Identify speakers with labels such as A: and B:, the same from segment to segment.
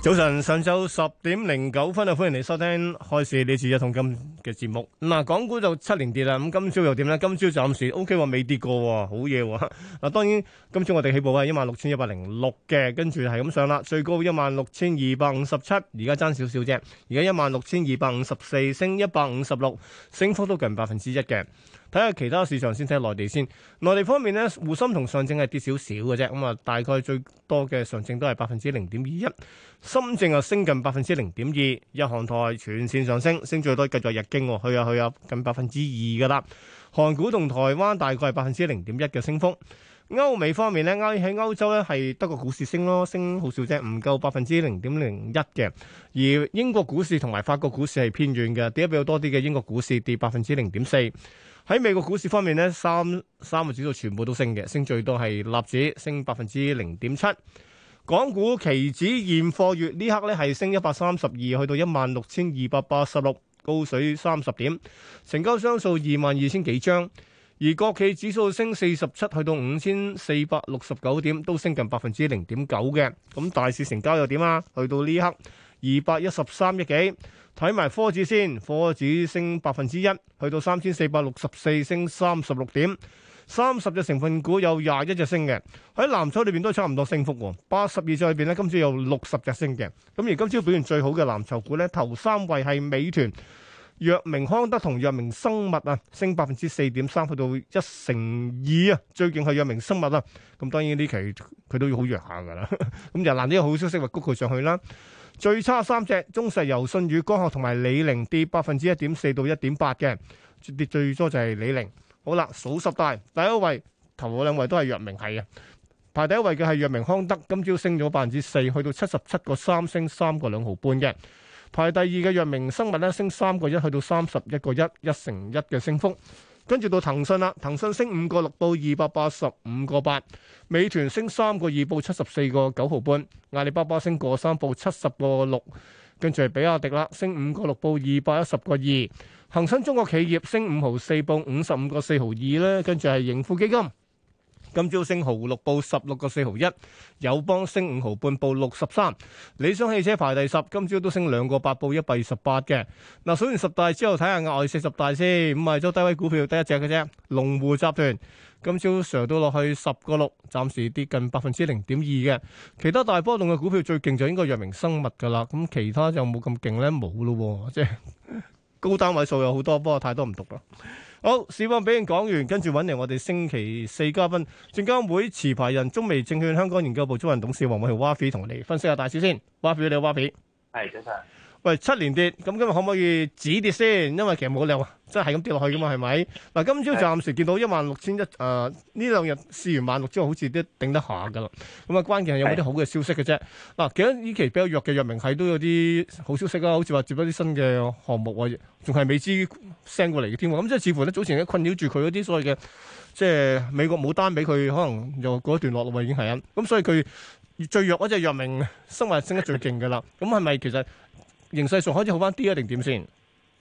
A: 早晨，上晝十點零九分啊，歡迎你收聽開市你知一桶金嘅節目。咁港股就七連跌啦，咁今朝又點呢？今朝暫時 O K，話未跌過，好嘢。嗱，當然今朝我哋起步係一萬六千一百零六嘅，跟住係咁上啦，最高 16, 7, 一萬六千二百五十七，而家爭少少啫，而家一萬六千二百五十四，升一百五十六，升幅都近百分之一嘅。睇下其他市場先，睇下內地先。內地方面呢，滬深同上證係跌少少嘅啫。咁、嗯、啊，大概最多嘅上證都係百分之零點二一，深證又升近百分之零點二。日韓台全線上升，升最多繼續日經，去啊去啊，近百分之二嘅啦。韓股同台灣大概係百分之零點一嘅升幅。歐美方面呢，歐喺歐洲呢係德國股市升咯，升好少啫，唔夠百分之零點零一嘅。而英國股市同埋法國股市係偏軟嘅，跌得比較多啲嘅。英國股市跌百分之零點四。喺美國股市方面呢，三三個指數全部都升嘅，升最多係納指升百分之零點七。港股期指現貨月呢刻呢係升一百三十二，去到一萬六千二百八十六，高水三十點，成交商數二萬二千幾張。而國企指數升四十七，去到五千四百六十九點，都升近百分之零點九嘅。咁大市成交又點啊？去到呢刻二百一十三億幾。睇埋科指先，科指升百分之一，去到三千四百六十四，升三十六點。三十隻成分股有廿一隻升嘅，喺藍籌裏邊都差唔多升幅喎。八十二隻裏邊呢，今朝有六十隻升嘅。咁而今朝表現最好嘅藍籌股呢，頭三位係美團、藥明康德同藥明生物啊，升百分之四點三，去到一成二啊。最勁係藥明生物啊。咁當然呢期佢都要好弱下㗎啦。咁就難啲好消息咪谷佢上去啦。最差三隻，中石油、舜宇光學同埋李寧跌百分之一點四到一點八嘅，跌最多就係李寧。好啦，數十大，第一位頭嗰兩位都係藥明係嘅，排第一位嘅係藥明康德，今朝升咗百分之四，去到七十七個三，升三個兩毫半嘅。排第二嘅藥明生物咧，升三個一，去到三十一個一，一成一嘅升幅。跟住到騰訊啦，騰訊升五個六報二百八十五個八，美團升三個二報七十四個九毫半，阿里巴巴升個三報七十個六，跟住係比亞迪啦，升五個六報二百一十個二，恒生中國企業升五毫四報五十五個四毫二咧，跟住係盈富基金。今朝升毫六，報十六個四毫一；友邦升五毫半，報六十三；理想汽車排第十，今朝都升兩個八，報一百二十八嘅。嗱，數完十大之後，睇下外四十大先。咁咪都低位股票得一隻嘅啫。龍湖集團今朝上到落去十個六，暫時跌近百分之零點二嘅。其他大波動嘅股票最勁就應該藥明生物噶啦。咁其他就冇咁勁咧，冇咯。即係高單位數有好多，不過太多唔讀啦。好，市況俾人講完，跟住揾嚟我哋星期四嘉賓，證監會持牌人中微證券香港研究部主任董事王偉豪 （Wafi） 同我哋分析下大市先。Wafi 你好，Wafi。係，早晨。喂，七連跌，咁今日可唔可以止跌先？因為其實冇料啊。即係咁跌落去噶嘛，係咪？嗱，今朝暫時見到一萬六千一，誒，呢兩日試完萬六之後好似都頂得下噶啦。咁啊，關鍵係有冇啲好嘅消息嘅啫。嗱是，其實呢期比較弱嘅藥明係都有啲好消息啦，好似話接咗啲新嘅項目啊，仲係未知 send 過嚟嘅添。咁即係似乎咧，早前咧困擾住佢嗰啲所謂嘅，即係美國冇單俾佢，可能又過一段落啦，已經係。咁、啊、所以佢最弱嗰隻藥明，生物升得最勁噶啦。咁係咪其實形勢上開始好翻啲啊？定點先？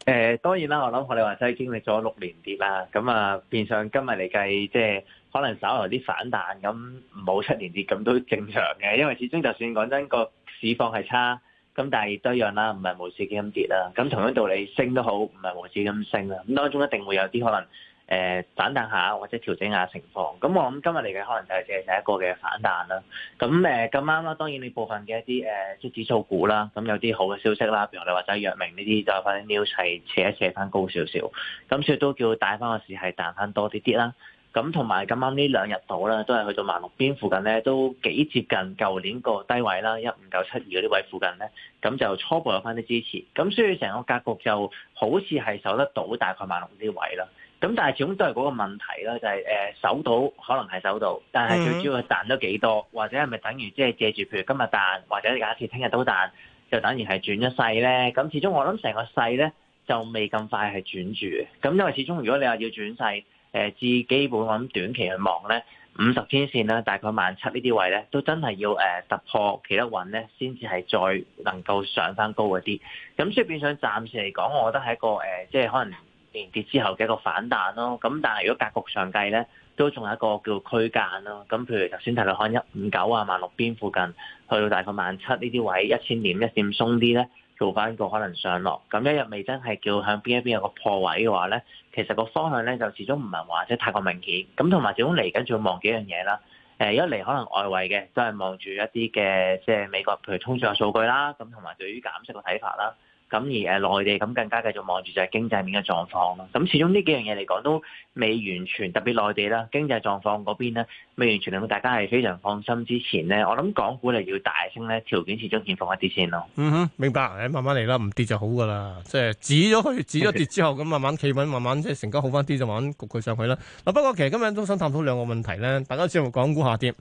B: 誒當然啦，我諗我哋話齋經歷咗六連跌啦，咁啊變相今日嚟計，即係可能稍微有啲反彈，咁冇七連跌咁都正常嘅，因為始終就算講真個市況係差，咁但係都一樣啦，唔係無止咁跌啦，咁同樣道理升都好，唔係無止咁升啦，咁當中一定會有啲可能。誒、呃、反彈下或者調整下情況，咁我諗今日嚟嘅可能就係淨係第一個嘅反彈啦。咁誒咁啱啦，當然你部分嘅一啲誒即係指數股啦，咁有啲好嘅消息啦，譬如你話齋藥明呢啲，有翻啲 news 係扯一扯翻高少少，咁所以都叫帶翻個市係彈翻多啲啲啦。咁同埋咁啱呢兩日到啦，都係去到萬六邊附近咧，都幾接近舊年個低位啦，一五九七二嗰啲位附近咧，咁就初步有翻啲支持，咁所以成個格局就好似係守得到大概萬六啲位啦。咁但係始終都係嗰個問題啦，就係、是、誒、呃、守到可能係守到，但係最主要彈咗幾多，或者係咪等於即係借住譬如今日彈，或者假設聽日都彈，就等於係轉咗勢咧？咁始終我諗成個勢咧就未咁快係轉住，咁因為始終如果你話要轉勢，誒、呃、至基本我諗短期去望咧，五十天線啦，大概萬七呢啲位咧，都真係要誒、呃、突破企得穩咧，先至係再能夠上翻高嗰啲。咁所以變相暫時嚟講，我覺得係一個誒、呃，即係可能。連跌之後嘅一個反彈咯，咁但係如果格局上計咧，都仲有一個叫區間咯。咁譬如頭先睇到看一五九啊萬六邊附近，去到大概萬七呢啲位，一千點,點鬆一點鬆啲咧，做翻個可能上落。咁一日未真係叫向邊一邊有個破位嘅話咧，其實個方向咧就始終唔係話即係太過明顯。咁同埋始終嚟緊仲要望幾樣嘢啦。誒、呃、一嚟可能外圍嘅都係望住一啲嘅即係美國，譬如通脹數據啦，咁同埋對於減息嘅睇法啦。咁而誒內地咁更加繼續望住就係經濟面嘅狀況咯。咁始終呢幾樣嘢嚟講都未完全，特別內地啦，經濟狀況嗰邊咧未完全令到大家係非常放心。之前咧，我諗港股嚟要大升咧，條件始終欠奉一啲先咯。嗯哼，
A: 明白。誒，慢慢嚟啦，唔跌就好㗎喇。即係止咗佢，止咗跌之後，咁慢慢企穩，慢慢即係成交好返啲，就慢慢焗佢上去啦。嗱，不過其實今日都想探討兩個問題咧，大家知唔知港股下跌？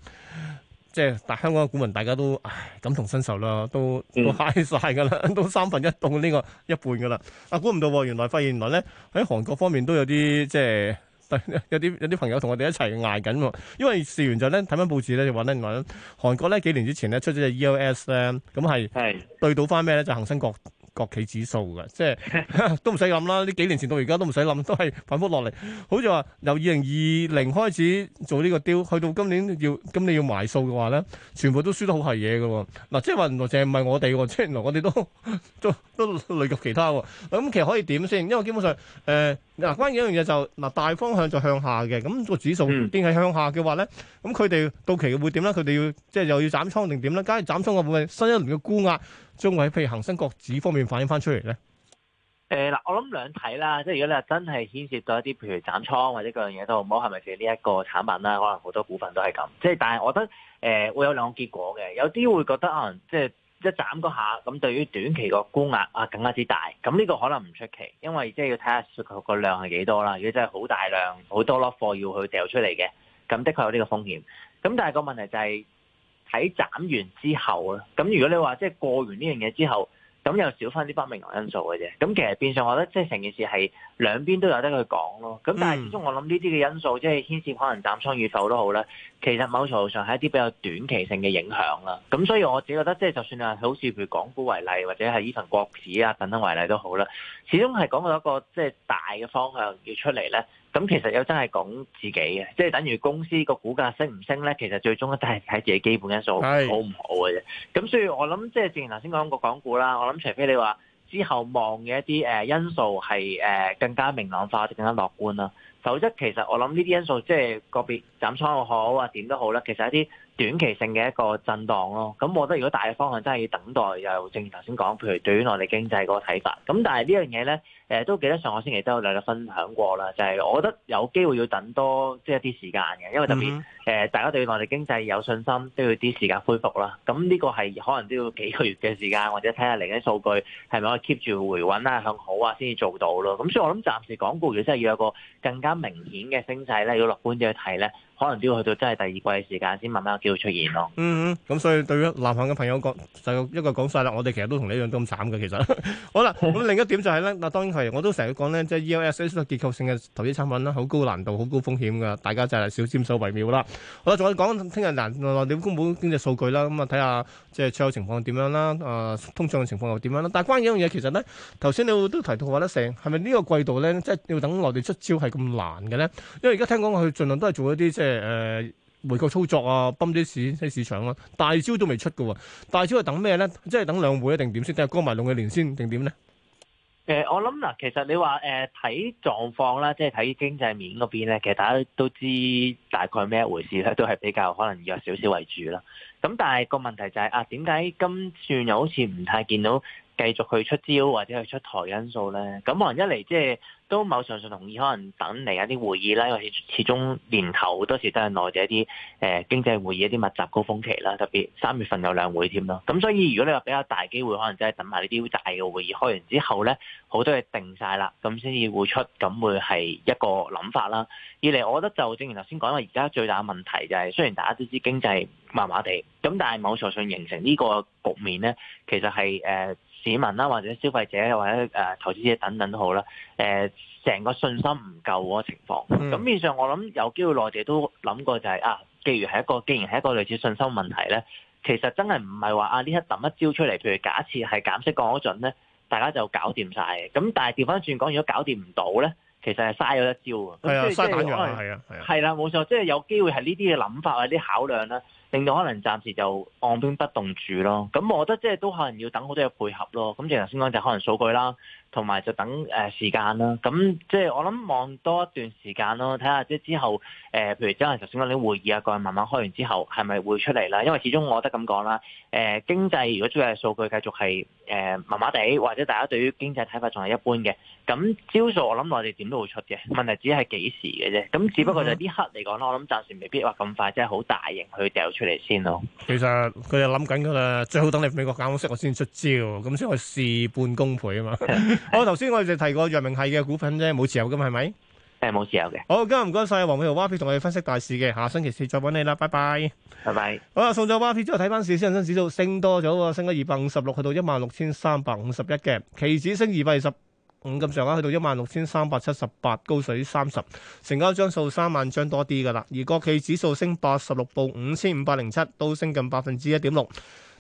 A: 即係大香港嘅股民，大家都唉感同身受啦，都、嗯、都嗨曬㗎啦，都三分一到呢、呢個一半㗎啦。啊估唔到喎，原來發現原來咧喺韓國方面都有啲即係有啲有啲朋友同我哋一齊捱緊喎。因為事緣就咧睇翻報紙咧就話咧話咧，韓國咧幾年之前咧出咗隻 ELS 咧，咁係對到翻咩咧就恒、是、生國。國企指數嘅，即係 都唔使諗啦。呢幾年前到而家都唔使諗，都係反覆落嚟。好似話由二零二零開始做呢個雕，去到今年要今年要埋數嘅話咧，全部都輸得好係嘢嘅喎。嗱，即係話原來淨係唔係我哋喎，即係原來我哋都都都，都類及其他喎。咁其實可以點先？因為基本上誒嗱、呃，關鍵一樣嘢就嗱、是，大方向就向下嘅。咁、那個指數定係向下嘅話咧，咁佢哋到期會點咧？佢哋要即係又要斬倉定點咧？梗係斬倉嘅話，新一年嘅沽壓。將喺譬如恒生國指方面反映翻出嚟咧？
B: 誒嗱、呃，我諗兩睇啦，即係如果你係真係牽涉到一啲譬如斬倉或者嗰樣嘢都好，好係咪借呢一個產品啦？可能好多股份都係咁，即係但係我覺得誒、呃、會有兩個結果嘅，有啲會覺得可能、呃、即係一斬嗰下，咁對於短期個沽額啊更加之大。咁呢個可能唔出奇，因為即係要睇下雪球個量係幾多啦。如果真係好大量好多攞貨要去掉出嚟嘅，咁的確有呢個風險。咁但係個問題就係、是。喺斬完之後咧，咁如果你話即係過完呢樣嘢之後，咁又少翻啲不明因素嘅啫。咁其實變相我覺得即係成件事係兩邊都有得去講咯。咁但係始終我諗呢啲嘅因素，即係牽涉可能斬倉與否都好啦，其實某程度上係一啲比較短期性嘅影響啦。咁所以我自己覺得即係就算係好似譬如港股為例，或者係呢份國指啊等等為例都好啦，始終係講到一個即係大嘅方向要出嚟咧。咁其實又真係講自己嘅，即係等於公司個股價升唔升咧，其實最終都係睇自己基本因素好唔好嘅啫。咁是所以我諗，即係正如頭先講過港股啦，我諗除非你話之後望嘅一啲誒因素係誒更加明朗化，或者更加樂觀啦。否則，其實我諗呢啲因素即係、就是、個別斬倉又好啊，點都好啦，其實一啲短期性嘅一個震盪咯，咁我覺得如果大嘅方向真係要等待，又正如頭先講，譬如對於內地經濟嗰個睇法。咁但係呢樣嘢呢，誒、呃、都記得上個星期都有兩兩分享過啦，就係、是、我覺得有機會要等多即係一啲時間嘅，因為特別誒、mm hmm. 呃、大家對內地經濟有信心，都要啲時間恢復啦。咁呢個係可能都要幾個月嘅時間，或者睇下嚟緊數據係咪可以 keep 住回穩啊向好啊先至做到咯。咁所以我諗暫時港股如果真係要有一個更加明顯嘅升勢咧，要樂觀啲去睇呢。可能都要去到真係第二季嘅時間先慢慢有機會
A: 出現咯、嗯。嗯嗯，咁所以對於南韓嘅朋友講，就一個講曬啦。我哋其實都同你一樣咁慘嘅，其實。 好啦了，咁 另一點就係咧，嗱，當然係，我都成日講咧，即係 ELS 結構性嘅投資產品啦，好高難度，好高風險㗎，大家就係少沾手為妙啦。好，仲有講聽日嗱，內、呃、地、呃、公佈經濟數據啦，咁啊睇下即係出口情況點樣啦，啊、呃、通脹嘅情況又點樣啦。但係關於一樣嘢，其實咧，頭先你都提到話得成，係咪呢個季度咧，即係要等內地出招係咁難嘅咧？因為而家聽講佢盡量都係做一啲即係。即係誒，回購操作啊，泵啲市喺市場啊，大招都未出嘅、啊，大招係等咩咧？即係等兩會啊，定點先，先？等過埋農曆年先定點咧？
B: 誒、呃，我諗嗱，其實你話誒，睇狀況啦，即係睇經濟面嗰邊咧，其實大家都知大概咩一回事咧，都係比較可能弱少少為主啦。咁但係個問題就係、是、啊，點解今次又好似唔太見到？繼續去出招或者去出台因素咧，咁可能一嚟即係都冇上述同意，可能等嚟一啲會議啦，因為始終年頭好多時都係內地一啲誒經濟會議一啲密集高峰期啦，特別三月份有兩會添咯，咁所以如果你話比較大機會，可能真係等埋呢啲大嘅會議開完之後咧，好多嘢定晒啦，咁先至會出，咁會係一個諗法啦。二嚟，我覺得就正如頭先講，因為而家最大嘅問題就係、是、雖然大家都知經濟麻麻地，咁但係冇上述形成呢個局面咧，其實係誒。呃市民啦，或者消費者，或者誒投資者等等都好啦。誒，成個信心唔夠嗰個情況。咁面、嗯、上我諗有機會內地都諗過、就係，就係啊，既然係一個，既然係一個類似信心問題咧，其實真係唔係話啊，呢一揼一招出嚟，譬如假設係減息降咗準咧，大家就搞掂晒嘅。咁但係調翻轉講，如果搞掂唔到咧？其實係嘥咗一招啊，嘥膽量啊，係啊，係啊，係啦，冇錯，即係有機會係呢啲嘅諗法或者啲考量啦，令到可能暫時就按兵不動住咯。咁我覺得即係都可能要等好多嘢配合咯。咁正如頭先講，就可能數據啦。同埋就等誒、呃、時間啦，咁、嗯、即係我諗望多一段時間咯，睇下即係之後誒、呃，譬如頭先嗰啲會議啊，個慢慢開完之後，係咪會出嚟啦？因為始終我覺得咁講啦，誒、呃、經濟如果最近數據繼續係誒麻麻地，或者大家對於經濟睇法仲係一般嘅，咁、嗯、招數我諗內地點都會出嘅。問題只係幾時嘅啫，咁只不過就呢刻嚟講啦，我諗暫時未必話咁快，即係好大型去掉出嚟先咯。
A: 其實佢就諗緊㗎啦，最好等你美國減息，我先出招，咁先可以事半功倍啊嘛。 Oh, 的我頭先我哋就提過陽明系嘅股份啫，冇持有嘅係咪？誒，冇持有嘅。好，oh, 今日唔該晒黃偉豪 Y P 同我哋分析大市嘅，下星期四再揾你啦，拜拜。拜拜。好啦，送咗 Y P 之後睇翻市，先恒生指數升多咗喎，升咗二百五十六，去到一萬六千三百五十一嘅。期指升二百二十五咁上下，去到一萬六千三百七十八，高水三十。成交張數三萬張多啲噶啦。而國企指數升八十六，報五千五百零七，都升近百分之一點六。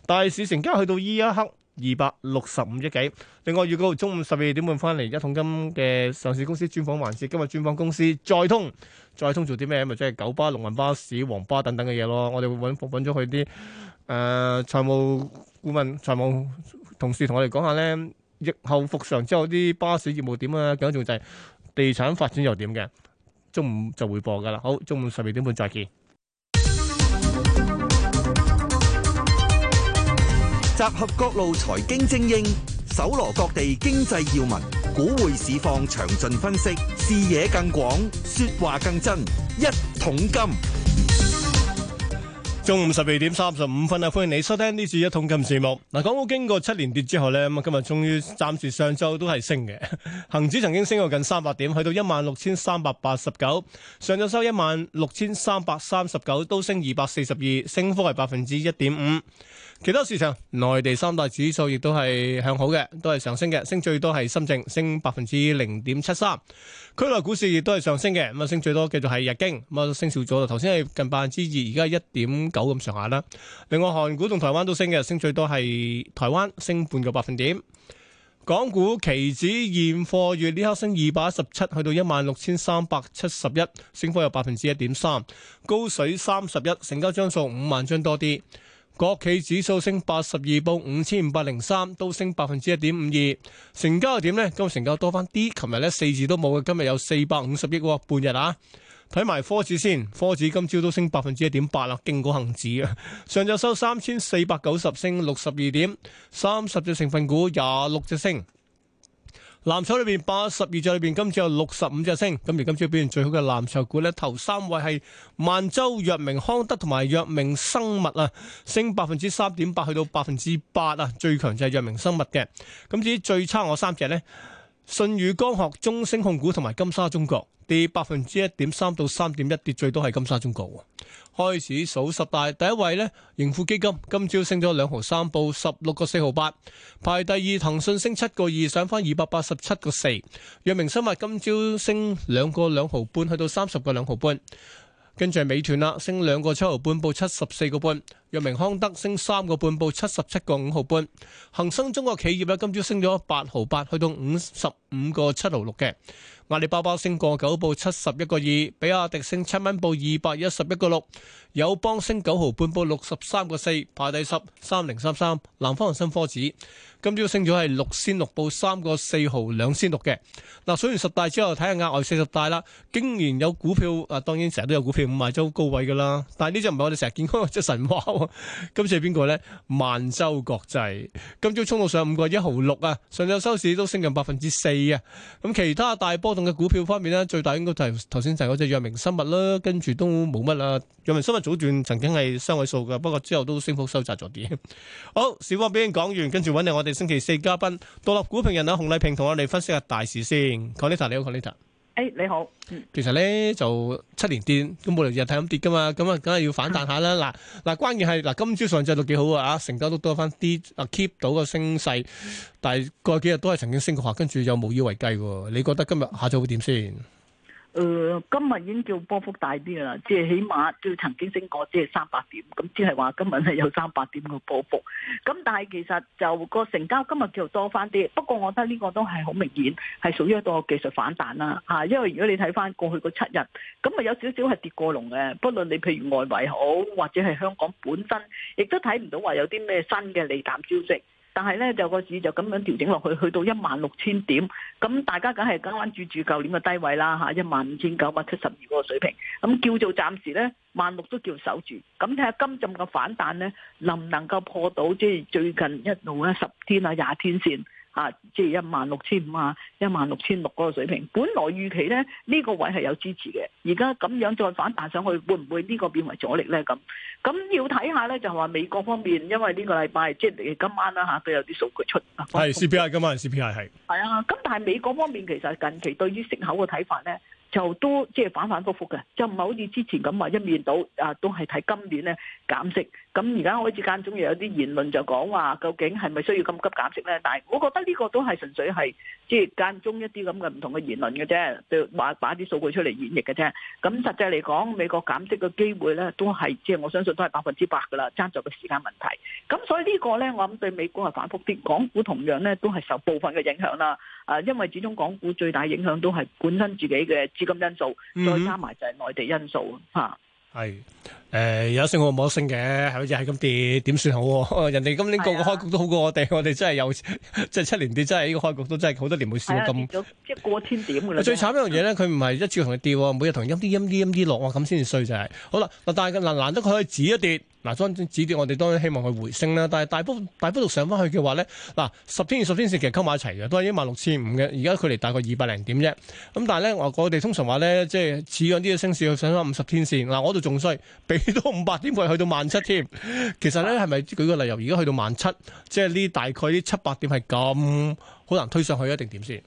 A: 大市成交去到依一刻。二百六十五億幾？另外預告中午十二點半翻嚟，一桶金嘅上市公司專訪環節今日專訪公司載通，載通做啲咩？咪即係九巴、龍運巴士、黃巴等等嘅嘢咯。我哋會揾揾咗佢啲誒財務顧問、財務同事同我哋講下呢疫後復常之後啲巴士業務點啊，咁仲就係地產發展又點嘅。中午就會播噶啦，好，中午十二點半再見。集合各路財經精英，搜羅各地經濟要聞，股匯市況詳盡分析，視野更廣，說話更真。一桶金，中午十二點三十五分啦，歡迎你收聽呢次一桶金節目。嗱，港股經過七年跌之後咧，咁啊，今日終於暫時上周都係升嘅，恒指曾經升過近三百點，去到一萬六千三百八十九，上周收一萬六千三百三十九，都升二百四十二，升幅係百分之一點五。其他市場，內地三大指數亦都係向好嘅，都係上升嘅，升最多係深證，升百分之零點七三。區內股市亦都係上升嘅，咁啊升最多繼續係日經，咁啊升少咗啦。頭先係近百分之二，而家係一點九咁上下啦。另外，韓股同台灣都升嘅，升最多係台灣，升半個百分點。港股期指現貨月呢刻升二百一十七，去到一萬六千三百七十一，升幅有百分之一點三，高水三十一，成交張數五萬張多啲。國企指數升八十二，報五千五百零三，都升百分之一點五二。成交係點咧？今日成交多翻啲，琴日咧四字都冇嘅，今日有四百五十億喎。半日啊，睇埋科指先，科指今朝都升百分之一點八啦，勁過恒指啊！上晝收三千四百九十，升六十二點，三十隻成份股廿六隻升。藍籌裏邊八十二隻裏邊，今次有六十五隻升，咁而今次表現最好嘅藍籌股呢，頭三位係萬洲藥明康德同埋藥明生物啊，升百分之三點八，去到百分之八啊，最強就係藥明生物嘅。咁至於最差我三隻呢，舜宇光學、中升控股同埋金沙中國，跌百分之一點三到三點一，跌最多係金沙中國。開始數十大第一位呢，盈富基金今朝升咗兩毫三，報十六個四毫八，排第二騰訊升七個二，上翻二百八十七個四，藥明生物今朝升兩個兩毫半，去到三十個兩毫半，跟住美團啦，升兩個七毫半，報七十四個半，藥明康德升三個半，報七十七個五毫半，恒生中國企業呢今朝升咗八毫八，去到五十五個七毫六嘅。阿里巴巴升個九毫，報七十一個二，比亞迪升七蚊，報二百一十一個六，友邦升九毫半部4，報六十三個四，排第十三零三三。南方恒生科指今朝升咗係六仙六，報三個四毫兩仙六嘅。嗱，數完十大之後，睇下額外四十大啦，竟然有股票，啊，當然成日都有股票五賣咗高位噶啦。但係呢隻唔係我哋成日見嗰隻神話，今次係邊個呢？萬洲國際今朝衝到上五個一毫六啊，上晝收市都升近百分之四啊。咁其他大波。嘅股票方面咧，最大應該就係頭先就係嗰隻藥明生物啦，跟住都冇乜啦。藥明生物早段曾經係三位數噶，不過之後都升幅收窄咗啲。好，小方已經講完，跟住揾嚟我哋星期四嘉賓獨立股評人啊，洪麗萍同我哋分析下大事先。Colita 你好，Colita。
C: 誒、哎，你好。嗯、
A: 其實咧就七連跌，咁冇理由睇咁跌㗎嘛，咁啊梗係要反彈下啦。嗱嗱的，關鍵係，嗱今朝上晝都幾好啊，成交都多翻啲，keep 到個升勢。但係過幾日都係曾經升過下，跟住又無以為繼。你覺得今日下晝會點先？
C: 誒、呃，今日已經叫波幅大啲啦，即係起碼最曾經升過即係三百點，咁即係話今日係有三百點嘅波幅。咁但係其實就個成交今日叫做多翻啲，不過我覺得呢個都係好明顯，係屬於一個技術反彈啦。嚇、啊，因為如果你睇翻過去嗰七日，咁啊有少少係跌過龍嘅，不論你譬如外圍好，或者係香港本身，亦都睇唔到話有啲咩新嘅利淡消息。但係咧就個市就咁樣調整落去，去到一萬六千點，咁大家梗係緊緊關注住舊年嘅低位啦嚇，一萬五千九百七十二個水平，咁叫做暫時咧萬六都叫守住，咁睇下金針嘅反彈咧，能唔能夠破到即係最近一路咧十天啊廿天線？啊，即係一萬六千五啊，一萬六千六嗰個水平。本來預期咧，呢、這個位係有支持嘅。而家咁樣再反彈上去，會唔會呢個變為阻力咧？咁咁要睇下咧，就係話美國方面，因為呢個禮拜即係今晚啦、啊、嚇，都、啊、有啲數據出。
A: 係 CPI 是、嗯、今晚 CPI 係。係
C: 啊，咁但係美國方面其實近期對於息口嘅睇法咧。就都即係反反覆覆嘅，就唔係好似之前咁話一面倒啊，都係睇今年咧減息。咁而家開始間中又有啲言論就講話，究竟係咪需要咁急減息咧？但係我覺得呢個都係純粹係即係間中一啲咁嘅唔同嘅言論嘅啫，就話擺啲數據出嚟演繹嘅啫。咁實際嚟講，美國減息嘅機會咧都係即係我相信都係百分之百噶啦，爭咗個時間問題。咁所以個呢個咧，我諗對美國係反覆啲，港股同樣咧都係受部分嘅影響啦。啊，因為始終港股最大影響都係本身自己嘅資金因素，再加埋
A: 就係內地因素啊！嚇，係，誒有升我冇得升嘅，係咪先？係咁跌點算好喎？人哋今年個個開局都好過我哋，我哋真係有即係七年跌，真係呢個開局都真係好多年冇試過咁。
C: 即係過千點㗎啦！
A: 最慘一樣嘢咧，佢唔係一次同佢跌，每日同佢陰啲陰啲陰啲落啊，咁先至衰就係。好啦，嗱，但係難難得佢可以止一跌。嗱，指跌，我哋當然希望佢回升啦。但係大幅大幅度上翻去嘅話咧，嗱、啊，十天二十天線其實溝埋一齊嘅，都係一萬六千五嘅。而家距離大概二百零點啫。咁但係咧，我我哋通常話咧，即係似樣啲嘅升市去上翻五十天線。嗱、啊，我度仲衰，俾多五百點佢去到萬七添。其實咧，係咪舉個例由而家去到萬七，即係呢大概呢七百點係咁好難推上去，一定點先？
C: 誒、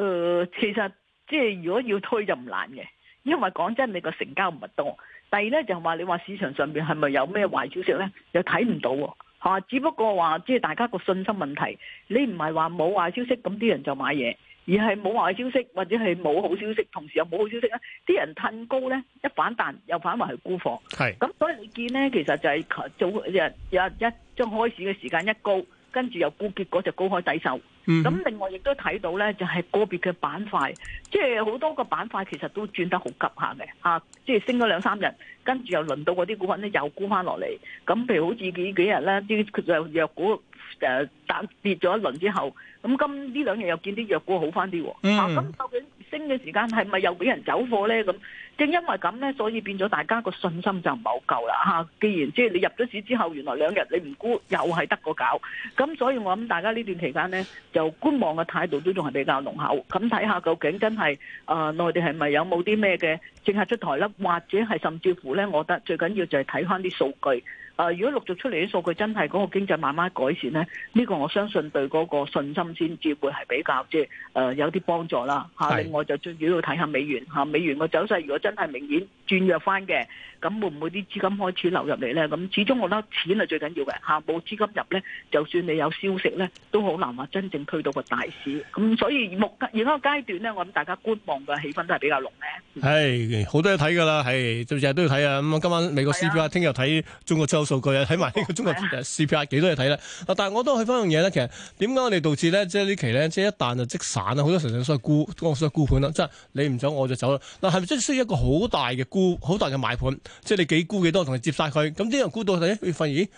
C: 呃，其實即係如果要推就唔難嘅，因為講真，你個成交唔係多。第二咧，就係話你話市場上邊係咪有咩壞消息咧？又睇唔到喎。只不過話即係大家個信心問題。你唔係話冇壞消息，咁啲人就買嘢，而係冇壞消息或者係冇好消息，同時又冇好消息咧，啲人褪高咧，一反彈又反為係沽貨。係咁是，所以你見咧，其實就係早日日一將開始嘅時間一高，跟住又沽，結果就高開低售。咁、mm hmm. 另外亦都睇到咧，就係個別嘅板塊，即係好多個板塊其實都轉得好急下嘅嚇，即係升咗兩三日，跟住又輪到嗰啲股份咧又沽翻落嚟。咁、啊、譬如好似幾幾日咧啲藥股誒、呃、跌跌咗一輪之後，咁、嗯、今呢兩日又見啲藥股好翻啲。
A: 咁、啊、究竟？
C: 升嘅時間係咪又俾人走貨呢？咁正因為咁呢，所以變咗大家個信心就唔係好夠啦嚇。既然即係你入咗市之後，原來兩日你唔沽又係得個搞，咁所以我諗大家呢段期間呢，就觀望嘅態度都仲係比較濃厚。咁睇下究竟真係啊，內地係咪有冇啲咩嘅政策出台咧？或者係甚至乎呢，我覺得最緊要就係睇翻啲數據。啊！如果陸續出嚟啲數據真係嗰個經濟慢慢改善咧，呢個我相信對嗰個信心先至會係比較即係誒有啲幫助啦。嚇、啊，另外就最主要睇下美元嚇、啊，美元個走勢如果真係明顯，轉弱翻嘅，咁會唔會啲資金開始流入嚟咧？咁始終我覺得錢係最緊要嘅嚇，冇資金入咧，就算你有消息咧，都好難話真正推到個大市。咁所以目而家個階段咧，我諗大家觀望嘅氣氛都係比較濃
A: 咧。係好多嘢睇㗎啦，係到時都要睇啊。咁今晚美國 CPI 聽日睇中國出口數據啊，睇埋呢個中國 CPI 幾多嘢睇咧。但係我都去翻樣嘢咧，其實點解我哋導致咧、就是，即係呢期咧，即係一彈就即散啦，好多成日所係沽，所謂沽盤啦，即係你唔走我就走啦。嗱，係咪即係需要一個好大嘅沽盤？好大嘅買盤，即係你幾沽幾多，同佢接晒佢，咁啲人沽到睇，發現咦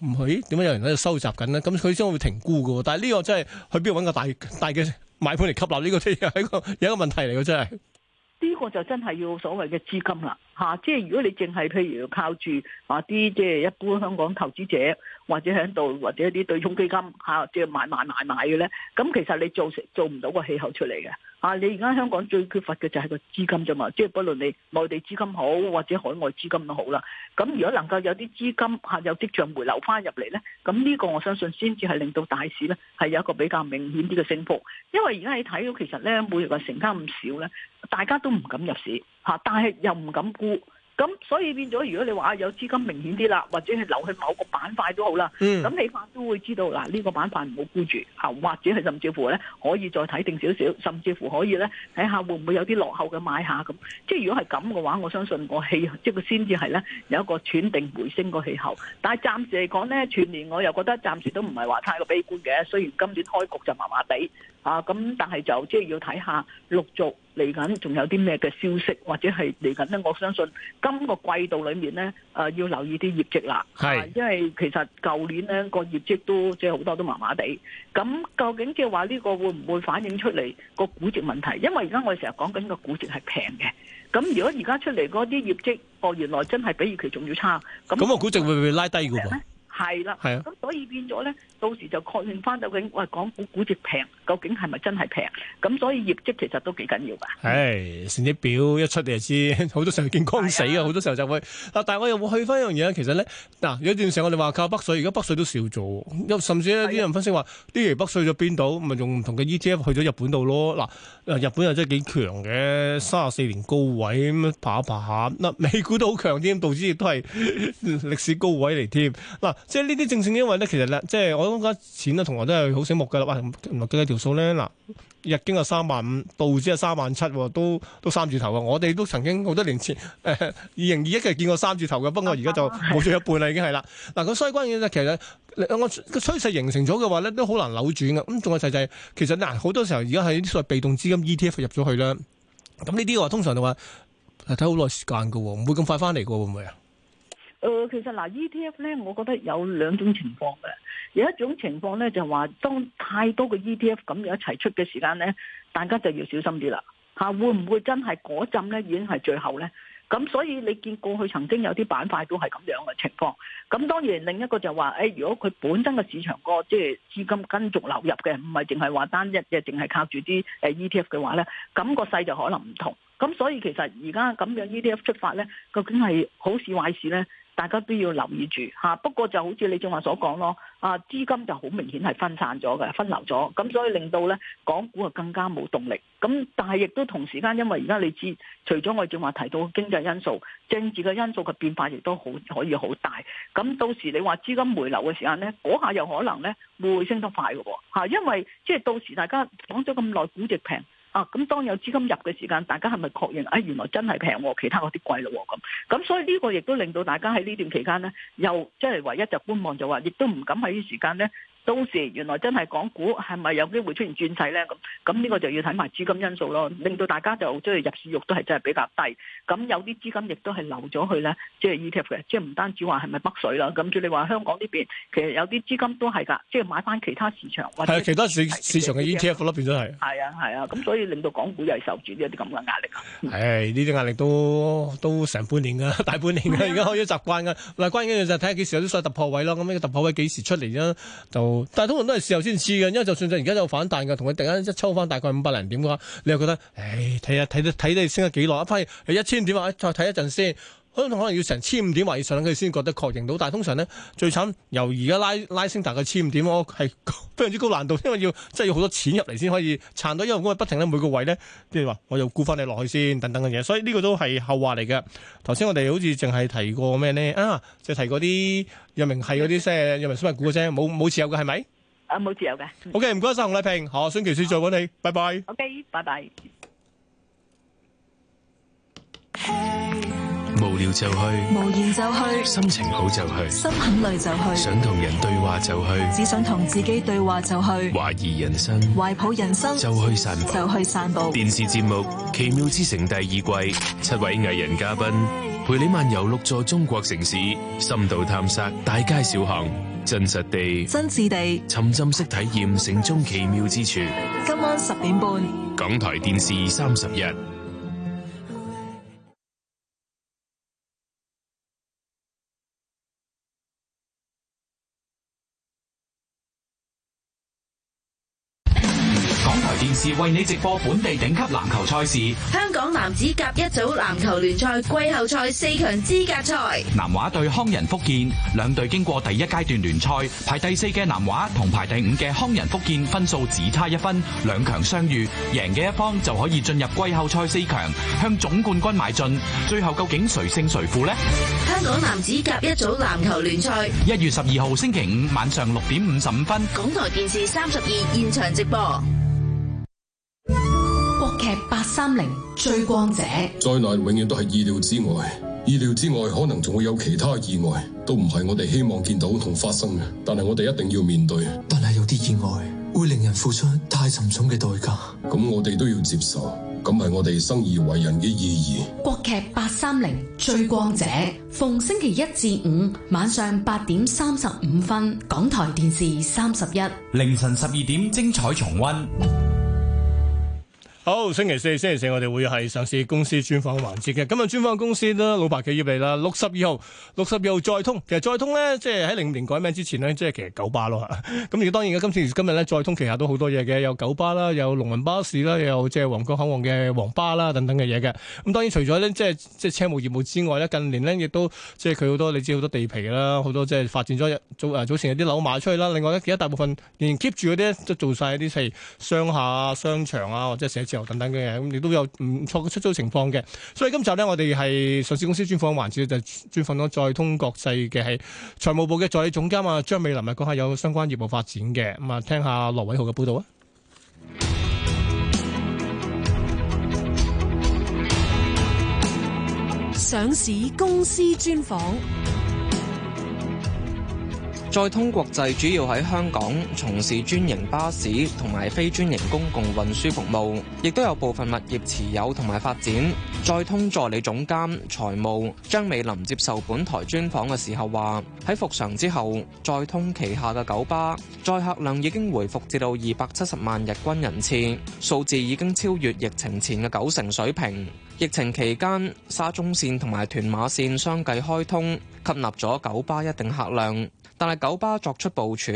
A: 唔係，點解有人喺度收集緊咧？咁佢將會停沽嘅，但係呢個真係去邊度揾個大大嘅買盤嚟吸納呢、這個，即係一個有一個問題嚟嘅，真係
C: 呢個就真係要所謂嘅資金啦，吓、啊，即係如果你淨係譬如靠住啊啲即係一般香港投資者或者喺度或者一啲對沖基金吓、啊，即係買、買買買買嘅咧，咁其實你做成做唔到個氣候出嚟嘅。啊！你而家香港最缺乏嘅就係個資金啫嘛，即係不論你內地資金好或者海外資金都好啦。咁如果能夠有啲資金吓有跡象回流翻入嚟咧，咁呢個我相信先至係令到大市咧係有一個比較明顯啲嘅升幅。因為而家你睇到其實咧每日嘅成交咁少咧，大家都唔敢入市吓，但係又唔敢沽。咁所以變咗，如果你話有資金明顯啲啦，或者係留去某個板塊都好啦，咁起碼都會知道嗱，呢個板塊唔好沽住嚇，或者係甚至乎咧可以再睇定少少，甚至乎可以咧睇下會唔會有啲落後嘅買下咁。即係如果係咁嘅話，我相信我氣即係佢先至係咧有一個喘定回升個氣候。但係暫時嚟講咧，全年我又覺得暫時都唔係話太過悲觀嘅。雖然今年開局就麻麻地。啊，咁但係就即係要睇下陸續嚟緊仲有啲咩嘅消息，或者係嚟緊咧。我相信今個季度裏面咧，誒、呃、要留意啲業績啦。係、啊，因為其實舊年咧個業績都即係好多都麻麻地。咁、嗯、究竟即係話呢個會唔會反映出嚟個估值問題？因為而家我哋成日講緊個估值係平嘅。咁、嗯、如果而家出嚟嗰啲業績，哦、呃、原來真係比預期仲要差。咁、嗯、個估值會唔會拉低嘅喎？係啦，係啊。咁、嗯嗯、的所以變咗咧，到時就確認返究竟喂港股估值平。說說究竟係咪真係平？咁所以
A: 業績其實都幾緊要㗎。係成績表一出嚟就知，好多時候見光死㗎，好、uh, 多時候就會啊！但係我又冇去翻一樣嘢，其實咧嗱，有一段時候我哋話靠北水，而家北水都少咗，甚至有啲人分析話啲而北水 mana, 去咗邊度？咪用唔同嘅 ETF 去咗日本度咯？嗱，日本又真係幾強嘅，三十四年高位咁爬下爬下，嗱，美股都好強添，道指亦 都係歷史高位嚟添。嗱，即係呢啲正正因為咧，其實咧、啊，即係我覺得錢同行都係好醒目㗎啦。數咧嗱，日經啊三萬五，道指啊三萬七，哦，都都三字頭啊！我哋都曾經好多年前，誒二零二一嘅，見過三字頭嘅，不過而家就冇咗一半啦，已經係 啦。嗱，個衰關鍵就其實我個趨勢形成咗嘅話咧，都好難扭轉嘅。咁仲有就係，其實嗱，好，嗯就是，多時候而家係啲所謂被動資金 ETF 入咗去啦。咁呢啲話通常就話睇好耐時間嘅，唔會咁快翻嚟嘅會唔會啊？是
C: 誒、呃，其實嗱，E T F 咧，ETF，我覺得有兩種情況嘅。有一種情況咧，就話、是、當太多個 E T F 咁樣一齊出嘅時間咧，大家就要小心啲啦。吓、啊，會唔會真係嗰陣咧，已經係最後咧？咁所以你見過去曾經有啲板塊都係咁樣嘅情況。咁當然，另一個就話，誒、哎，如果佢本身嘅市場個即係資金跟續流入嘅，唔係淨係話單一嘅，淨係靠住啲誒 E T F 嘅話咧，咁、那個勢就可能唔同。咁所以其實而家咁樣 E T F 出發咧，究竟係好事壞事咧？大家都要留意住嚇，不過就好似你正話所講咯，啊資金就好明顯係分散咗嘅，分流咗，咁所以令到咧港股啊更加冇動力。咁但係亦都同時間，因為而家你知，除咗我正話提到經濟因素、政治嘅因素嘅變化，亦都好可以好大。咁到時你話資金回流嘅時間咧，嗰下又可能咧會升得快嘅喎。因為即係到時大家講咗咁耐，估值平。啊，咁當有資金入嘅時間，大家係咪確認？啊、哎，原來真係平喎，其他嗰啲貴咯喎，咁，咁所以呢個亦都令到大家喺呢段期間呢，又即係唯一就觀望就，就話亦都唔敢喺呢時間呢。當時原來真係港股係咪有機會出現轉勢咧？咁咁呢個就要睇埋資金因素咯。令到大家就即係入市慾都係真係比較低。咁有啲資金亦都係流咗去咧，即係 ETF 嘅，即係唔單止話係咪北水啦。咁即係你話香港呢邊，其實有啲資金都係㗎，即係買翻其他市場或者係其他市市場嘅 ETF 咯，變咗係。係啊係啊，咁所以令到港股又係受住一啲咁嘅壓力。
A: 誒呢啲壓力都都成半年㗎，大半年㗎，而家可以習慣㗎。嗱，關鍵嘅就係睇下幾時有啲所謂突破位咯。咁呢個突破位幾時出嚟咧？就但通常都係事後先知嘅，因為就算就而家有反彈嘅，同佢突然間一抽翻大概五百零點嘅話，你又覺得，誒，睇下睇得睇得升咗幾耐一批，係一千點話，再睇一陣先。可能要成千五點或以上佢先覺得確認到，但係通常咧最慘由而家拉拉升達嘅千五點，我係非常之高難度，因為要即係要好多錢入嚟先可以撐到，因為我不停咧每個位咧，即係話我又估翻你落去先等等嘅嘢，所以呢個都係後話嚟嘅。頭先我哋好似淨係提過咩呢？啊？就是、提過啲入名係嗰啲啫，入名新物股嘅啫，冇冇持有嘅係咪？是是啊，冇持有嘅。OK，唔該晒，洪麗萍，好、啊，星期四再揾你，拜拜。
C: OK，拜拜。
A: 無聊就去，
C: 無言就去，心情
A: 好就去，
C: 心很累就去，
A: 想同人對話就去，
D: 只
C: 想同自己對話就去，懷疑人生，懷抱人生，就去散步，就去
D: 散步。電視節目《奇妙之城》第二季，七位藝人嘉賓陪你漫遊六座中國城市，深度探索大街小巷，真實地、真摯地沉浸式體驗城中奇妙之處。
C: 今晚十點半，
D: 港
A: 台電視三十日。
D: 而為你直播本地頂級籃球賽事——
E: 香港男子甲一組籃球聯賽季後賽四強資格賽。
D: 南華對康仁福建，兩隊經過第一階段聯賽排第四嘅南華同排第五嘅康仁福建，分數只差一分，兩強相遇，贏嘅一方就可以進入季後賽四強，向總冠軍邁進。最後究竟誰勝誰負呢？
E: 香港男子甲一組籃球聯賽，
D: 一月十二號星期五晚上六點
A: 五十五分，
E: 港台電視三十二現場直播。劇八三零追光者。
A: 災難永遠都係意料之外，意料之外可能仲會有其他意外，都唔係我哋希望見到同發生嘅，但係我哋一定要面對。但係有啲意外會令人付出太沉重嘅代價，咁我哋都要接受，咁係我哋生而為人嘅意義。
C: 國劇八三零追光者，逢星期一至五晚上八點三十五分，港台電視三十一，
A: 凌晨十二點精彩重溫。好、oh,，星期四星期四我哋會係上市公司專訪環節嘅。今日專訪公司啦，老牌企業嚟啦，六十二號，六十二號載通。其實載通咧，即係喺零五年改名之前呢，即、就、係、是、其實九巴咯吓。咁、啊、而當然嘅今次今日咧載通，旗下都好多嘢嘅，有九巴啦，有龍運巴士啦，有即係皇崗口岸嘅皇巴啦等等嘅嘢嘅。咁、啊、當然除咗咧，即係即係車務業務之外呢，近年呢，亦都即係佢好多，你知好多地皮啦，好多即係發展咗早啊早前有啲樓賣出去啦。另外咧，其他大部分仍然 keep 住嗰啲即做晒啲譬如商廈、商場啊，或者寫等等嘅嘢，咁亦都有唔錯嘅出租情況嘅，所以今集呢，我哋係上市公司專訪環節，就專訪咗載通國際嘅係財務部嘅助理總監啊張美琳，啊。講下有相關業務發展嘅，咁啊聽下羅偉豪嘅報道啊。
D: 上市公司專訪。再通國際主要喺香港從事專營巴士同埋非專營公共運輸服務，亦都有部分物業持有同埋發展。再通助理總監財務張美林接受本台專訪嘅時候話，喺復常之後再通旗下嘅九巴載客量已經回復至到二百七十萬日均人次，數字已經超越疫情前嘅九成水平。疫情期間沙中綫同埋屯馬綫相繼開通，吸納咗九巴一定客量。但係九巴作出部署。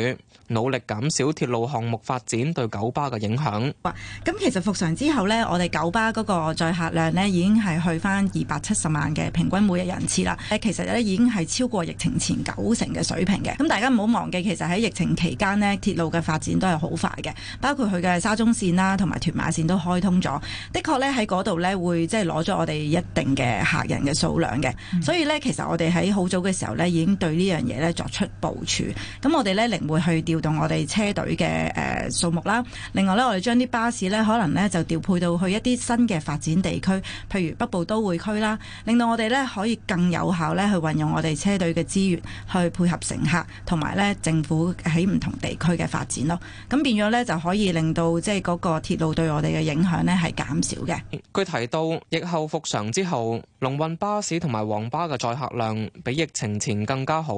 D: 努力減少鐵路項目發展對九巴嘅影響。咁其實復常之
E: 後咧，我哋九巴嗰個載客量咧已經係去翻二百七十萬嘅平均每日人次啦。誒，其實咧已經係超過疫情前九成嘅水平嘅。咁大家唔好忘記，其實喺疫情期間咧，鐵路嘅發展都係好快嘅，包括佢嘅沙中綫啦、啊，同埋屯馬綫都開通咗。的確咧喺嗰度咧會即係攞咗我哋一定嘅客人嘅數量嘅。嗯、所以咧，其實我哋喺好早嘅時候咧已經對呢樣嘢咧作出部署。咁我哋咧靈活去調。到我哋車隊嘅誒數目啦。另外咧，我哋將啲巴士咧，可能咧就調配到去一啲新嘅發展地區，譬如北部都會區啦，令到我哋咧可以更有效咧去運用我哋車隊嘅資源去配合乘客同埋咧政府喺唔同地區嘅發展咯。咁變咗咧就可以令到即係嗰個鐵路對我哋嘅影響咧係減少嘅。
D: 佢提到疫後復常之後，龍運巴士同埋黃巴嘅載客量比疫情前更加好，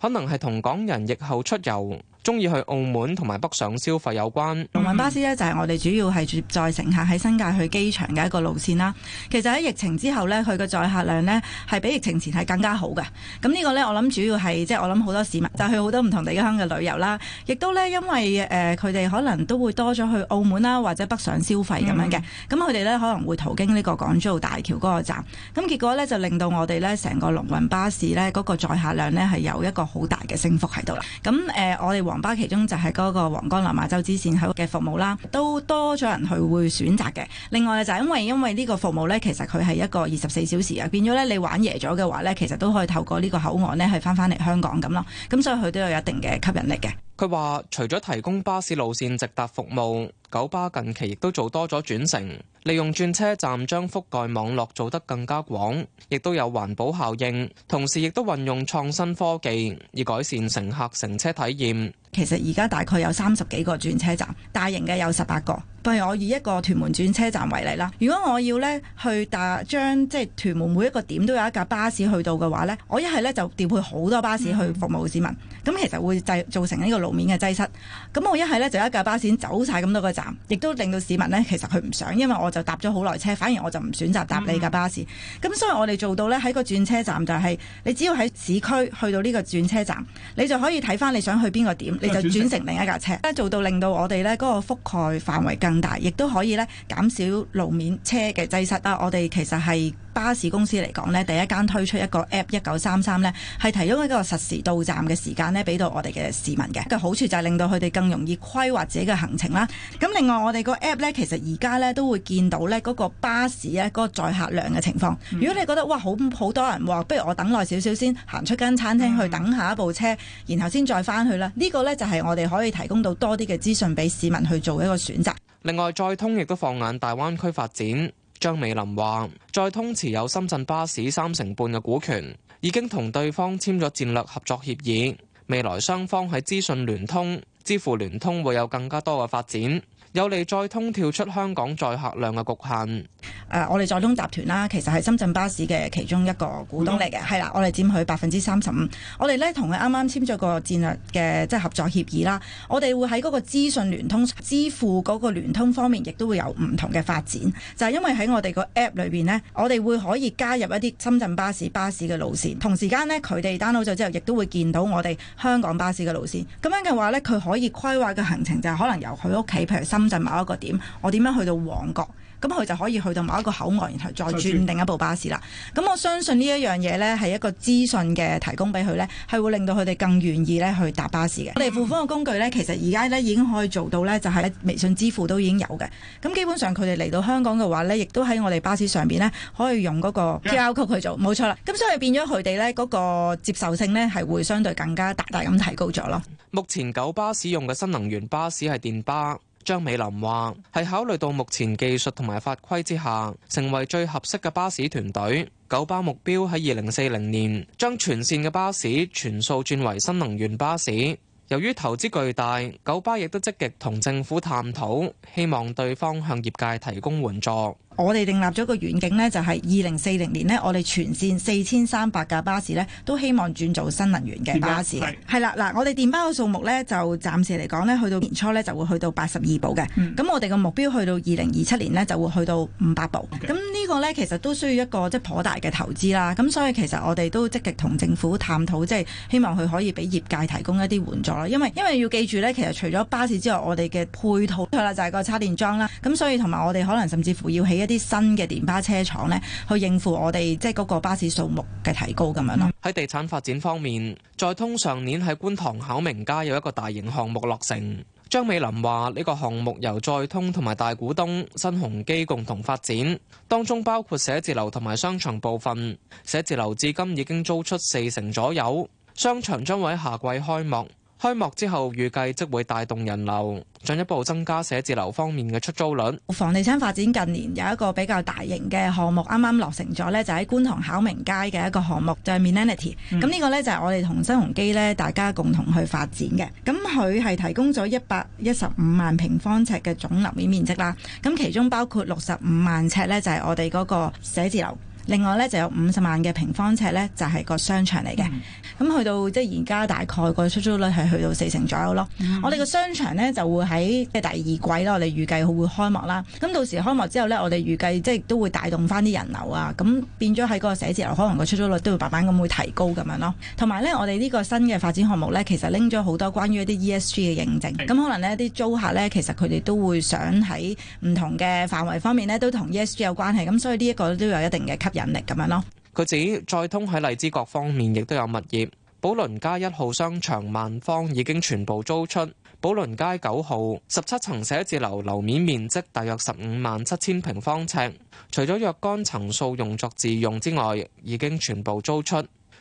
D: 可能係同港人疫後出遊。中意去澳門同埋北上消費有關。龍
E: 運巴士咧就係我哋主要係載乘客喺新界去機場嘅一個路線啦。其實喺疫情之後咧，佢嘅載客量咧係比疫情前係更加好嘅。咁呢個咧我諗主要係即係我諗好多市民就係、去好多唔同地方嘅旅遊啦。亦都咧因為誒佢哋可能都會多咗去澳門啦，或者北上消費咁樣嘅。咁佢哋咧可能會途經呢個港珠澳大橋嗰個站。咁結果咧就令到我哋咧成個龍運巴士咧嗰個載客量咧係有一個好大嘅升幅喺度。咁誒、呃、我哋黃巴其中就係嗰個黃江南馬洲支線口嘅服務啦，都多咗人去會選擇嘅。另外就係因為因為呢個服務呢，其實佢係一個二十四小時啊，變咗咧你玩夜咗嘅話呢，其實都可以透過呢個口岸呢，係翻返嚟香港咁咯。咁所以佢都有一定嘅吸引力嘅。
D: 佢話除咗提供巴士路線直達服務，九巴近期亦都做多咗轉乘，利用轉車站將覆蓋網絡做得更加廣，亦都有環保效應，同時亦都運用創新科技以改善乘客乘車體驗。其
E: 實而家大概有三十幾個轉車站，大型嘅有十八個。不如我以一個屯門轉車站為例啦。如果我要呢去搭將，即係屯門每一個點都有一架巴士去到嘅話呢，我一係呢就調配好多巴士去服務市民。咁、嗯、其實會製造成呢個路面嘅擠塞。咁我一係呢就一架巴士走晒咁多個站，亦都令到市民呢其實佢唔想，因為我就搭咗好耐車，反而我就唔選擇搭你架巴士。咁、嗯、所以我哋做到呢，喺個轉車站就係、是，你只要喺市區去到呢個轉車站，你就可以睇翻你想去邊個點。就轉成另一架車，做到令到我哋嗰個覆蓋範圍更大，亦都可以咧減少路面車嘅擠塞。我哋其實係。巴士公司嚟講呢，第一間推出一個 App 一九三三呢，係提供一個實時到站嘅時間咧，俾到我哋嘅市民嘅。一個好處就係令到佢哋更容易規劃自己嘅行程啦。咁另外，我哋個 App 呢，其實而家呢都會見到呢嗰個巴士呢嗰個載客量嘅情況。嗯、如果你覺得哇好好多人，不如我等耐少少先行出間餐廳去等下一部車，然後先再翻去啦。呢個呢就係我哋可以提供到多啲嘅資訊俾市民去做一個選擇。
D: 另外，再通亦都放眼大灣區發展。張美林話：再通持有深圳巴士三成半嘅股權，已經同對方簽咗戰略合作協議，未來雙方喺資訊聯通、支付聯通會有更加多嘅發展。有利載通跳出香港載客量嘅局限。
E: 誒、啊，我哋載通集團啦，其實係深圳巴士嘅其中一個股東嚟嘅，係啦、嗯，我哋佔佢百分之三十五。我哋咧同佢啱啱簽咗個戰略嘅即係合作協議啦。我哋會喺嗰個資訊聯通、支付嗰個聯通方面，亦都會有唔同嘅發展。就係、是、因為喺我哋個 App 裏邊呢，我哋會可以加入一啲深圳巴士、巴士嘅路線。同時間呢，佢哋 download 咗之後，亦都會見到我哋香港巴士嘅路線。咁樣嘅話呢，佢可以規劃嘅行程就係可能由佢屋企，譬如深。咁就某一個點，我點樣去到旺角？咁佢就可以去到某一個口岸，然後再轉另一部巴士啦。咁我相信呢一樣嘢呢，係一個資訊嘅提供俾佢呢，係會令到佢哋更願意呢去搭巴士嘅。嗯、我哋付款嘅工具呢，其實而家呢已經可以做到呢，就係微信支付都已經有嘅。咁基本上佢哋嚟到香港嘅話呢，亦都喺我哋巴士上邊呢，可以用嗰個 QR Code 去做，冇錯啦。咁所以變咗佢哋呢嗰個接受性呢，係會相對更加大大咁提高咗咯。
D: 目前九巴士用嘅新能源巴士係電巴。張美林話，係考慮到目前技術同埋法規之下，成為最合適嘅巴士團隊。九巴目標喺二零四零年將全線嘅巴士全數轉為新能源巴士。由於投資巨大，九巴亦都積極同政府探討，希望對方向業界提供援助。
E: 我哋訂立咗個遠景呢，就係二零四零年呢，我哋全線四千三百架巴士呢，都希望轉做新能源嘅巴士。係係啦，嗱，我哋電巴嘅數目呢，就暫時嚟講呢去到年初呢就會去到八十二部嘅。咁、嗯、我哋嘅目標去到二零二七年呢，就會去到五百部。咁呢 Okay. 個呢，其實都需要一個即係頗大嘅投資啦。咁所以其實我哋都積極同政府探討，即、就、係、是、希望佢可以俾業界提供一啲援助啦。因為因為要記住呢，其實除咗巴士之外，我哋嘅配套啦就係個叉電樁啦。咁所以同埋我哋可能甚至乎要起。一啲新嘅電巴車廠咧，去應付我哋即係嗰個巴士數目嘅提高
D: 咁樣咯。喺地產發展方面，載通上年喺觀塘考明街有一個大型項目落成。張美林話呢個項目由載通同埋大股東新鴻基共同發展，當中包括寫字樓同埋商場部分。寫字樓至今已經租出四成左右，商場將會喺夏季開幕。開幕之後，預計即會帶動人流，進一步增加寫字樓方面嘅出租率。
E: 房地產發展近年有一個比較大型嘅項目，啱啱落成咗咧，就喺、是、觀塘巧明街嘅一個項目，就係、是、Millennity。咁呢、嗯、個咧就係我哋同新鴻基咧，大家共同去發展嘅。咁佢係提供咗一百一十五萬平方尺嘅總樓面面積啦。咁其中包括六十五萬尺咧，就係我哋嗰個寫字樓。另外咧就有五十萬嘅平方尺咧就係、是、個商場嚟嘅。咁去、mm hmm. 到即係而家大概個出租率係去到四成左右咯。Mm hmm. 我哋個商場咧就會喺即係第二季啦，我哋預計會開幕啦。咁到時開幕之後咧，我哋預計即係都會帶動翻啲人流啊，咁變咗喺嗰個寫字樓可能個出租率都會慢慢咁會提高咁樣咯。同埋咧，我哋呢個新嘅發展項目咧，其實拎咗好多關於一啲 ESG 嘅認證，咁、mm hmm. 可能呢啲租客咧其實佢哋都會想喺唔同嘅範圍方面咧都同 ESG 有關係，咁所以呢一個都有一定嘅吸引力咁樣
D: 咯。佢指載通喺荔枝角方面亦都有物業。寶輪街一號商場萬方已經全部租出。寶輪街九號十七層寫字樓樓面面積大約十五萬七千平方尺，除咗若干層數用作自用之外，已經全部租出，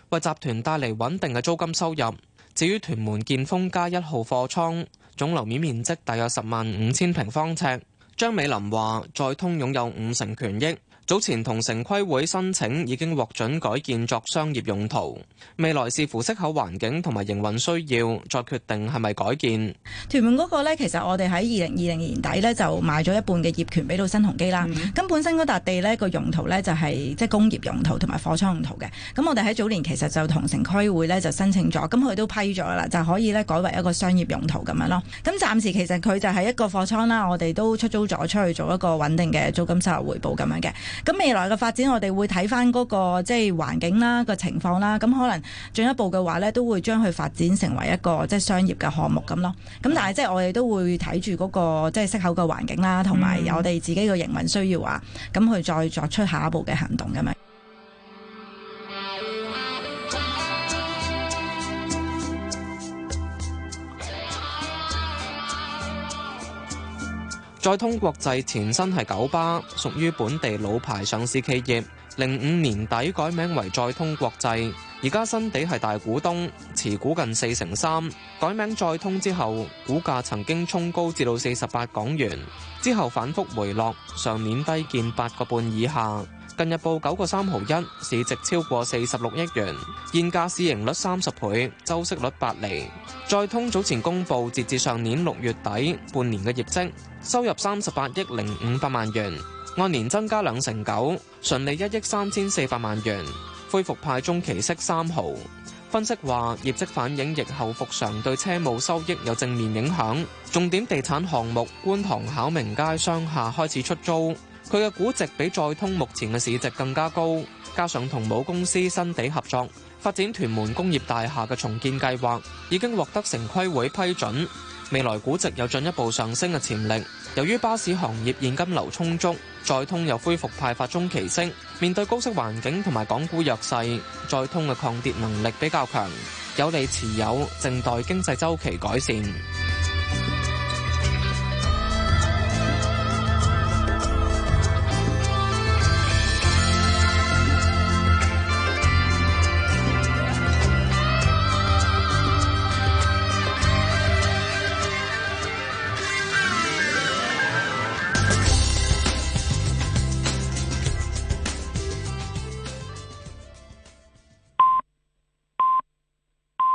D: 為集團帶嚟穩定嘅租金收入。至於屯門建豐街一號貨倉，總樓面面積大約十萬五千平方尺，張美林話載通擁有五成權益。早前同城規會申請已經獲准改建作商業用途，未來視乎息口環境同埋營運需要，再決定係咪改建。
E: 屯門嗰個咧，其實我哋喺二零二零年底呢就買咗一半嘅業權俾到新鴻基啦。咁、嗯、本身嗰笪地呢個用途呢，就係即係工業用途同埋貨倉用途嘅。咁我哋喺早年其實就同城規會呢就申請咗，咁佢都批咗啦，就可以呢改為一個商業用途咁樣咯。咁暫時其實佢就係一個貨倉啦，我哋都出租咗出去做一個穩定嘅租金收入回報咁樣嘅。咁未來嘅發展，我哋會睇返嗰個即係環境啦，個情況啦，咁可能進一步嘅話咧，都會將佢發展成為一個即係商業嘅項目咁咯。咁但係即係我哋都會睇住嗰個即係息口嘅環境啦，同埋我哋自己嘅營運需要啊，咁佢再作出下一步嘅行動咁樣。
D: 再通國際前身係九巴，屬於本地老牌上市企業。零五年底改名為再通國際，而家新地係大股東，持股近四成三。改名再通之後，股價曾經衝高至到四十八港元，之後反覆回落，上年低見八個半以下。近日報九個三毫一，市值超過四十六億元，現價市盈率三十倍，周息率八厘。再通早前公布截至上年六月底半年嘅業績。收入三十八億零五百萬元，按年增加兩成九，純利一億三千四百萬元，恢復派中期息三毫。分析話，業績反映疫後復常對車務收益有正面影響。重點地產項目觀塘巧明街商廈開始出租，佢嘅估值比載通目前嘅市值更加高，加上同母公司新地合作發展屯門工業大廈嘅重建計劃，已經獲得城規會批准。未來估值有進一步上升嘅潛力。由於巴士行業現金流充足，載通又恢復派發中期息，面對高息環境同埋港股弱勢，載通嘅抗跌能力比較強，有利持有，靜待經濟週期改善。